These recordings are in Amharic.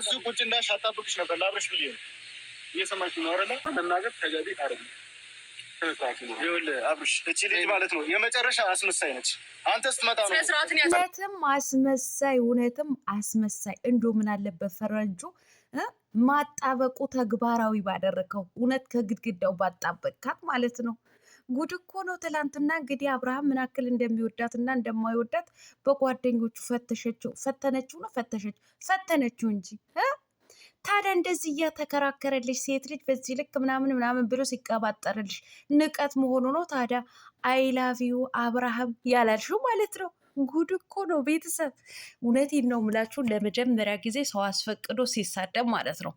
እሱ ቁጭ እንዳልሽ አጣብቅሽ ነበር ብዬ ነው። እየሰማሽ ነው አይደለ? መናገር ተገቢ አይደለም። የመጨረሻ አስመሳይ ነች። እውነትም አስመሳይ እውነትም አስመሳይ። እንዶ ምን አለበት ማጣበቁ ተግባራዊ ባደረከው እውነት ከግድግዳው ባጣበቅካት ማለት ነው። ጉድ እኮ ነው። ትላንትና እንግዲህ አብርሃም ምን ያክል እንደሚወዳት እና እንደማይወዳት በጓደኞቹ ፈተሸችው። ፈተነችው ነው ፈተሸች ፈተነችው እንጂ ታዲያ እንደዚህ እያተከራከረልሽ ሴት ልጅ በዚህ ልክ ምናምን ምናምን ብሎ ሲቀባጠርልሽ ንቀት መሆኑ ነው። ታዲያ አይላቪው አብርሃም ያላልሽው ማለት ነው። ጉድ እኮ ነው ቤተሰብ። እውነቴን ነው የምላችሁ ለመጀመሪያ ጊዜ ሰው አስፈቅዶ ሲሳደብ ማለት ነው።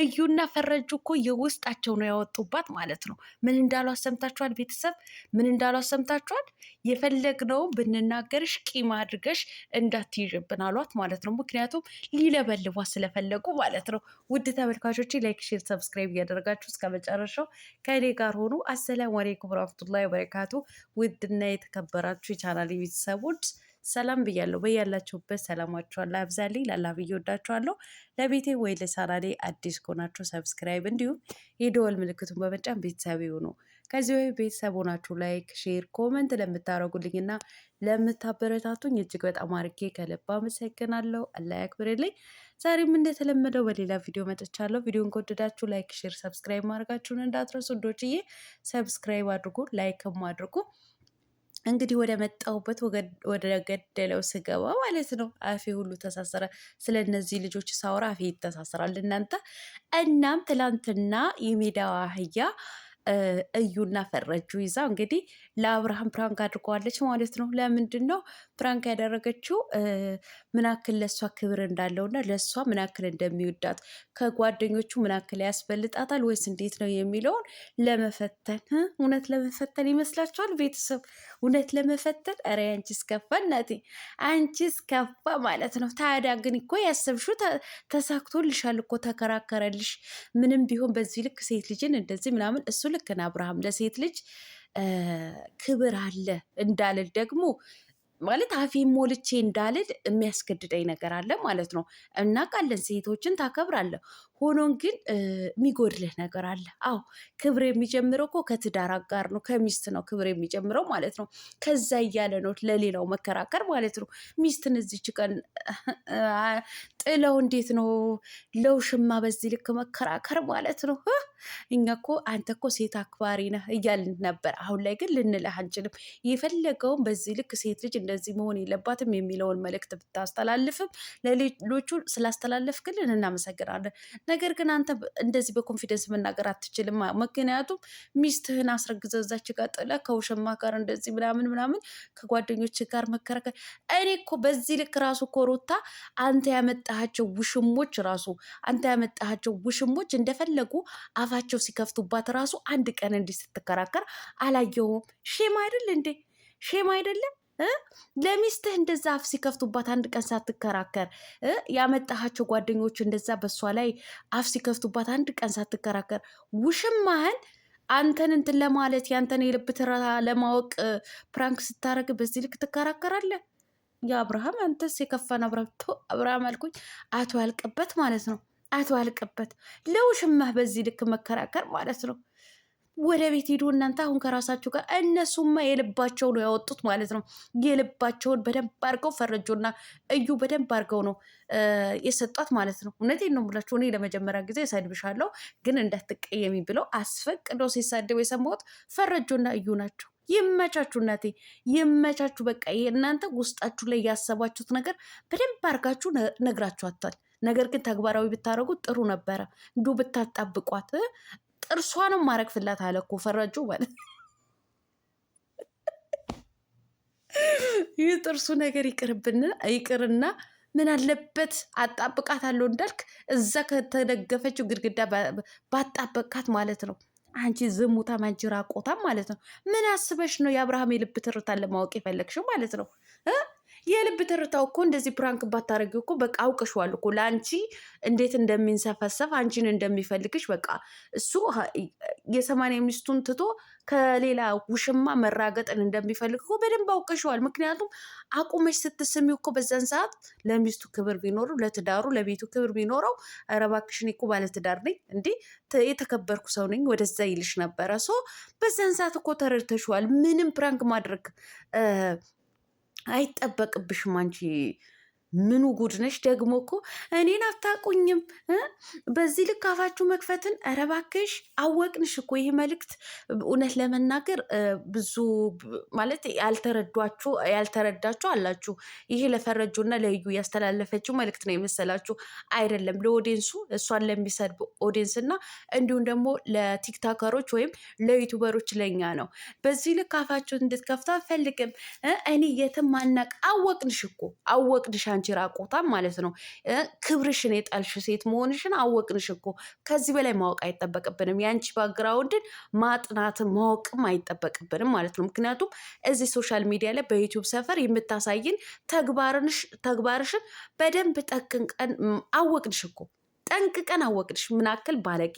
እዩና ፈረጁ እኮ የውስጣቸው ነው ያወጡባት ማለት ነው። ምን እንዳሉ አሰምታችኋል? ቤተሰብ ምን እንዳሉ አሰምታችኋል? የፈለግነው ብንናገርሽ ቂም አድርገሽ እንዳትይዥብን አሏት ማለት ነው። ምክንያቱም ሊለበልቧ ስለፈለጉ ማለት ነው። ውድ ተመልካቾች ላይክ፣ ሼር፣ ሰብስክራይብ እያደረጋችሁ እስከ መጨረሻው ከእኔ ጋር ሆኑ። አሰላሙ አሌይኩም ረመቱላ ወበረካቱ። ውድና የተከበራችሁ የቻናል ቤተሰቦች ሰላም ብያለሁ። በያላችሁበት ሰላማችኋል አብዛልኝ። ላላ ብዬ ወዳችኋለሁ። ለቤቴ ወይ ለቻናሌ አዲስ ከሆናችሁ ሰብስክራይብ፣ እንዲሁም የደወል ምልክቱን በመጫን ቤተሰብ ይሁኑ። ከዚህ ወይ ቤተሰብ ሆናችሁ ላይክ፣ ሼር፣ ኮመንት ለምታደረጉልኝ ለምታደርጉልኝና ለምታበረታቱኝ እጅግ በጣም አርጌ ከልብ አመሰግናለሁ። አላህ ያክብርልኝ። ዛሬም እንደተለመደው በሌላ ቪዲዮ መጥቻለሁ። ቪዲዮን ከወደዳችሁ ላይክ፣ ሼር፣ ሰብስክራይብ ማድረጋችሁን እንዳትረሱ። ዶችዬ ሰብስክራይብ አድርጉ፣ ላይክም አድርጉ። እንግዲህ ወደ መጣሁበት ወደ ገደለው ስገባ ማለት ነው አፌ ሁሉ ተሳሰረ። ስለ እነዚህ ልጆች ሳውራ አፌ ይተሳሰራል እናንተ። እናም ትላንትና የሜዳዋ አህያ እዩና ፈረጁ ይዛ እንግዲህ ለአብርሃም ፕራንክ አድርገዋለች ማለት ነው። ለምንድን ነው ፕራንክ ያደረገችው? ምናክል ለእሷ ክብር እንዳለውና ለእሷ ምናክል እንደሚወዳት ከጓደኞቹ ምናክል ያስበልጣታል ወይስ እንዴት ነው የሚለውን ለመፈተን እውነት ለመፈተን ይመስላችኋል ቤተሰብ እውነት ለመፈተን ኧረ አንቺስ ከፋ እናቴ፣ አንቺስ ከፋ ማለት ነው። ታዲያ ግን እኮ ያሰብሽው ተሳክቶልሻል እኮ ተከራከረልሽ። ምንም ቢሆን በዚህ ልክ ሴት ልጅን እንደዚህ ምናምን እሱ ልክ ነው። አብርሃም ለሴት ልጅ ክብር አለ እንዳልል ደግሞ ማለት አፌን ሞልቼ እንዳልል የሚያስገድደኝ ነገር አለ ማለት ነው። እናውቃለን፣ ሴቶችን ታከብራለህ። ሆኖን ግን የሚጎድልህ ነገር አለ። አዎ ክብር የሚጀምረው እኮ ከትዳር አጋር ነው፣ ከሚስት ነው ክብር የሚጀምረው ማለት ነው። ከዛ እያለ ነው ለሌላው መከራከር ማለት ነው። ሚስትን እዚች ቀን ጥለው እንዴት ነው ለውሽማ በዚህ ልክ መከራከር ማለት ነው። እኛ እኮ አንተ እኮ ሴት አክባሪ ነህ እያልን ነበር። አሁን ላይ ግን ልንልህ አንችልም። የፈለገውን በዚህ ልክ ሴት ልጅ እንደዚህ መሆን የለባትም የሚለውን መልእክት ብታስተላልፍም ለሌሎቹ ስላስተላለፍክልን እናመሰግናለን። ነገር ግን አንተ እንደዚህ በኮንፊደንስ መናገር አትችልም። ምክንያቱም ሚስትህን አስረግዘዛች ጋር ጥለ ከውሸማ ጋር እንደዚህ ምናምን ምናምን ከጓደኞች ጋር መከራከል። እኔ እኮ በዚህ ልክ ራሱ ኮሮታ አንተ ያመጣሃቸው ውሽሞች ራሱ አንተ ያመጣሃቸው ውሽሞች እንደፈለጉ አፋቸው ሲከፍቱባት ራሱ አንድ ቀን እንዲህ ስትከራከር አላየሁም። ሼም አይደል እንዴ? ሼም አይደለም? ለሚስትህ እንደዛ አፍ ሲከፍቱባት አንድ ቀን ሳትከራከር ያመጣሃቸው ጓደኞች እንደዛ በእሷ ላይ አፍ ሲከፍቱባት አንድ ቀን ሳትከራከር ውሽማህን አንተን እንትን ለማለት ያንተን የልብ ትርታ ለማወቅ ፕራንክ ስታረግ በዚህ ልክ ትከራከራለህ። የአብርሃም አንተስ የከፋን አብራቶ አብርሃም አልኩኝ አቶ ያልቅበት ማለት ነው። አቶ ያልቅበት ለውሽማህ በዚህ ልክ መከራከር ማለት ነው። ወደ ቤት ሄዱ። እናንተ አሁን ከራሳችሁ ጋር እነሱማ የልባቸው ነው ያወጡት ማለት ነው። የልባቸውን በደንብ አድርገው ፈረጆና እዩ በደንብ አድርገው ነው የሰጧት ማለት ነው። እውነቴን ነው የምላችሁ። እኔ ለመጀመሪያ ጊዜ እሰድብሻለሁ ግን እንዳትቀየሚ ብለው አስፈቅዶ ሲሳደቡ የሰማሁት ፈረጆና እዩ ናቸው። ይመቻችሁ እናቴ ይመቻችሁ። በቃ እናንተ ውስጣችሁ ላይ ያሰባችሁት ነገር በደንብ አድርጋችሁ ነግራችኋታል። ነገር ግን ተግባራዊ ብታደርጉት ጥሩ ነበረ። እንዲሁ ብታጣብቋት ጥርሷንም ማድረግ ፍላት አለ እኮ ፈረጩ ማለት ይህ ጥርሱ ነገር ይቅርና ምን አለበት አጣብቃት አለው እንዳልክ እዛ ከተደገፈችው ግድግዳ ባጣበቃት ማለት ነው። አንቺ ዝሙታም አንቺ ራቆታም ማለት ነው። ምን አስበሽ ነው የአብርሃም የልብ ትርታን ለማወቅ የፈለግሽው ማለት ነው? የልብ ትርታው እኮ እንደዚህ ፕራንክ ባታደረግ እኮ በቃ አውቅሽዋል እኮ ለአንቺ እንዴት እንደሚንሰፈሰፍ አንቺን እንደሚፈልግሽ በቃ እሱ የሰማንያ ሚስቱን ትቶ ከሌላ ውሽማ መራገጥን እንደሚፈልግ እኮ በደንብ አውቅሸዋል። ምክንያቱም አቁመሽ ስትስሚው እኮ በዛን ሰዓት ለሚስቱ ክብር ቢኖረው ለትዳሩ ለቤቱ ክብር ቢኖረው ኧረ እባክሽን እኮ ባለትዳር ነኝ እንዴ የተከበርኩ ሰው ነኝ ወደዛ ይልሽ ነበረ። ሶ በዛን ሰዓት እኮ ተረድተሸዋል። ምንም ፕራንክ ማድረግ አይጠበቅብሽም አንቺ ምኑ ጉድ ነሽ ደግሞ እኮ እኔን አታቁኝም በዚህ ልክ አፋችሁ መክፈትን ኧረ እባክሽ አወቅንሽ እኮ ይህ መልእክት እውነት ለመናገር ብዙ ማለት ያልተረዷችሁ ያልተረዳችሁ አላችሁ። ይሄ ለፈረጁና ለዩ ያስተላለፈችው መልእክት ነው የመሰላችሁ አይደለም። ለኦዲንሱ እሷን ለሚሰድብ ኦዲንስ እና እንዲሁም ደግሞ ለቲክታከሮች ወይም ለዩቱበሮች ለኛ ነው። በዚህ ልክ አፋችሁን እንድትከፍቱ አንፈልግም። እኔ የትም አናቅ አወቅንሽ እኮ አወቅንሻ ከአንቺ ራቆታም ማለት ነው። ክብርሽን የጣልሽ ሴት መሆንሽን አወቅንሽ እኮ። ከዚህ በላይ ማወቅ አይጠበቅብንም። የአንቺ ባግራውንድን ማጥናትን ማወቅም አይጠበቅብንም ማለት ነው። ምክንያቱም እዚህ ሶሻል ሚዲያ ላይ በዩቲዩብ ሰፈር የምታሳይን ተግባርሽን በደንብ ጠቅንቀን አወቅንሽ እኮ። ጠንቅቀን አወቅንሽ። ምናክል ባለቂ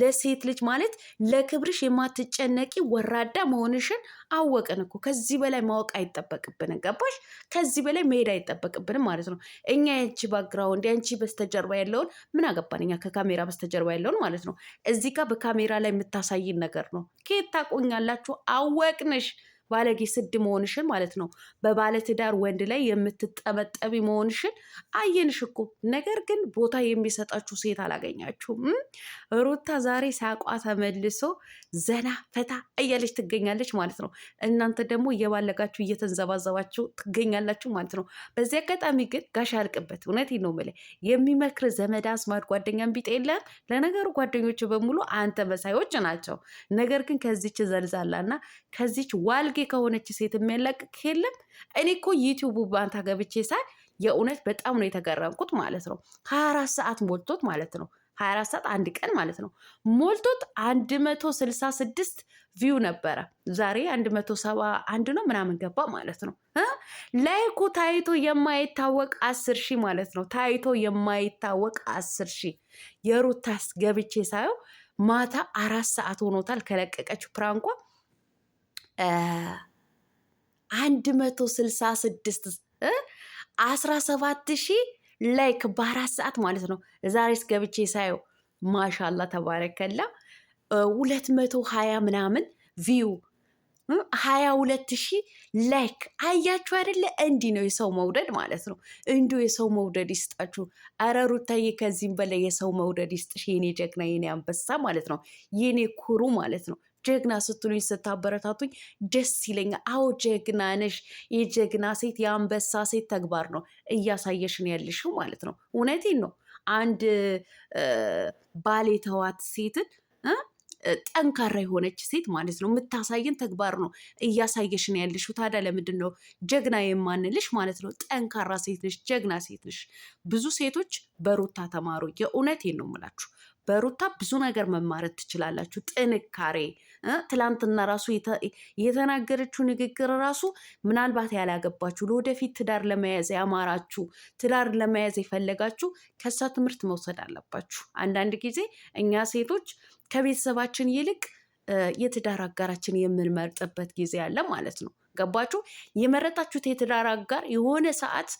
ለሴት ልጅ ማለት ለክብርሽ የማትጨነቂ ወራዳ መሆንሽን አወቅን እኮ። ከዚህ በላይ ማወቅ አይጠበቅብንም። ገባሽ? ከዚህ በላይ መሄድ አይጠበቅብንም ማለት ነው። እኛ የአንቺ ባግራውንድ የአንቺ በስተጀርባ ያለውን ምን አገባን እኛ ከካሜራ በስተጀርባ ያለውን ማለት ነው። እዚህ ጋር በካሜራ ላይ የምታሳይን ነገር ነው። ከየት ታቆኛላችሁ? አወቅንሽ። ባለጌ ስድ መሆንሽን ማለት ነው። በባለትዳር ወንድ ላይ የምትጠበጠቢ መሆንሽን አየንሽ እኮ። ነገር ግን ቦታ የሚሰጣችሁ ሴት አላገኛችሁም። ሩታ ዛሬ ሳቋ ተመልሶ ዘና ፈታ እያለች ትገኛለች ማለት ነው። እናንተ ደግሞ እየባለጋችሁ እየተንዘባዘባችሁ ትገኛላችሁ ማለት ነው። በዚህ አጋጣሚ ግን ጋሽ አልቅበት እውነት ነው የምልህ የሚመክር ዘመድ አዝማድ ጓደኛ ቢጤ የለም። ለነገሩ ጓደኞች በሙሉ አንተ መሳዮች ናቸው። ነገር ግን ከዚች ዘልዛላ እና ከዚች ዋል አልጌ ከሆነች ሴት የሚያለቅቅ የለም። እኔ እኮ ዩቲዩቡ ባንታ ገብቼ ሳይ የእውነት በጣም ነው የተገረምኩት ማለት ነው። ሀያ አራት ሰዓት ሞልቶት ማለት ነው። ሀያ አራት ሰዓት አንድ ቀን ማለት ነው ሞልቶት አንድ መቶ ስልሳ ስድስት ቪው ነበረ። ዛሬ አንድ መቶ ሰባ አንድ ነው ምናምን ገባ ማለት ነው። ላይኩ ታይቶ የማይታወቅ አስር ሺህ ማለት ነው። ታይቶ የማይታወቅ አስር ሺህ የሩታስ ገብቼ ሳየው ማታ አራት ሰዓት ሆኖታል ከለቀቀችው ፕራንኳ አንድ መቶ ስልሳ ስድስት አስራ ሰባት ሺህ ላይክ በአራት ሰዓት ማለት ነው። ዛሬስ ገብቼ ሳየው ማሻላ ተባረከላ ሁለት መቶ ሀያ ምናምን ቪው ሀያ ሁለት ሺህ ላይክ አያችሁ አይደለ? እንዲህ ነው የሰው መውደድ ማለት ነው። እንዲሁ የሰው መውደድ ይስጣችሁ። ኧረ ሩታዬ ከዚህም በላይ የሰው መውደድ ይስጥሽ የኔ ጀግና፣ የኔ አንበሳ ማለት ነው፣ የኔ ኩሩ ማለት ነው። ጀግና ስትሉኝ ስታበረታቱኝ ደስ ይለኛል። አዎ ጀግና ነሽ። የጀግና ሴት የአንበሳ ሴት ተግባር ነው ነው ያልሽው ማለት ነው። እውነቴን ነው። አንድ ባሌ ተዋት ሴትን ጠንካራ የሆነች ሴት ማለት ነው የምታሳየን ተግባር ነው ነው ያልሽው። ታዲያ ለምንድን ነው ጀግና የማንልሽ ማለት ነው? ጠንካራ ሴት ነሽ፣ ጀግና ሴት ነሽ። ብዙ ሴቶች በሩታ ተማሩ። የእውነቴን ነው የምላችሁ በሩታ ብዙ ነገር መማረት ትችላላችሁ። ጥንካሬ ትላንትና ራሱ የተናገረችው ንግግር ራሱ ምናልባት ያላገባችሁ ለወደፊት ትዳር ለመያዝ ያማራችሁ ትዳር ለመያዝ የፈለጋችሁ ከእሷ ትምህርት መውሰድ አለባችሁ። አንዳንድ ጊዜ እኛ ሴቶች ከቤተሰባችን ይልቅ የትዳር አጋራችን የምንመርጥበት ጊዜ አለ ማለት ነው። ገባችሁ? የመረጣችሁት የትዳር አጋር የሆነ ሰዓት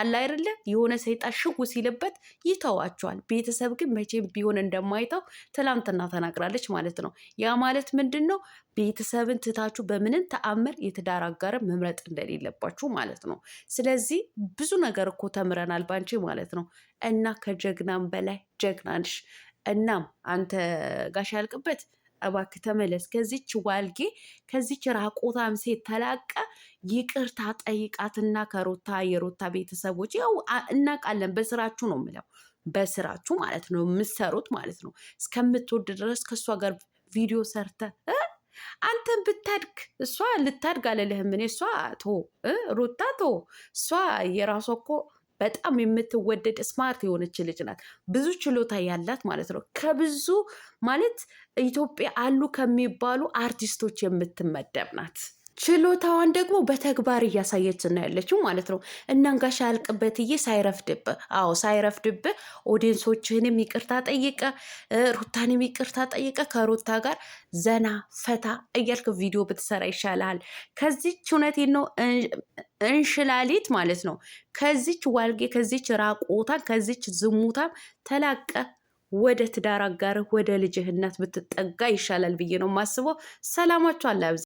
አለ አይደለ? የሆነ ሰይጣን ሽው ሲልበት ይተዋቸዋል። ቤተሰብ ግን መቼም ቢሆን እንደማይተው ትላንትና ተናግራለች ማለት ነው። ያ ማለት ምንድን ነው? ቤተሰብን ትታችሁ በምንም ተአምር የትዳር ጋር መምረጥ እንደሌለባችሁ ማለት ነው። ስለዚህ ብዙ ነገር እኮ ተምረናል ባንቺ ማለት ነው። እና ከጀግናም በላይ ጀግና ነሽ። እናም አንተ ጋሽ ያልቅበት እባክህ ተመለስ፣ ከዚች ዋልጌ ከዚች ራቆታም ሴት ተላቀ ይቅርታ ጠይቃትና ከሩታ የሩታ ቤተሰቦች ያው እናውቃለን። በስራችሁ ነው የምለው፣ በስራችሁ ማለት ነው የምትሰሩት ማለት ነው። እስከምትወድ ድረስ ከእሷ ጋር ቪዲዮ ሰርተ አንተን ብታድግ እሷ ልታድግ አለልህም። እኔ እሷ ቶ ሩታ ቶ እሷ የራሷ እኮ በጣም የምትወደድ ስማርት የሆነች ልጅ ናት። ብዙ ችሎታ ያላት ማለት ነው። ከብዙ ማለት ኢትዮጵያ አሉ ከሚባሉ አርቲስቶች የምትመደብ ናት። ችሎታዋን ደግሞ በተግባር እያሳየች እናያለችው ማለት ነው። እናን ጋሻ አልቅበትዬ ሳይረፍድብ፣ አዎ ሳይረፍድብ፣ ኦዲየንሶችህንም ይቅርታ ጠይቀ፣ ሩታንም ይቅርታ ጠይቀ፣ ከሩታ ጋር ዘና ፈታ እያልክ ቪዲዮ ብትሰራ ይሻላል። ከዚች እውነቴ ነው እንሽላሊት ማለት ነው። ከዚች ዋልጌ፣ ከዚች ራቆታ፣ ከዚች ዝሙታም ተላቀ ወደ ትዳር አጋርህ ወደ ልጅህነት ብትጠጋ ይሻላል ብዬ ነው ማስበው። ሰላማችሁ አላብዛ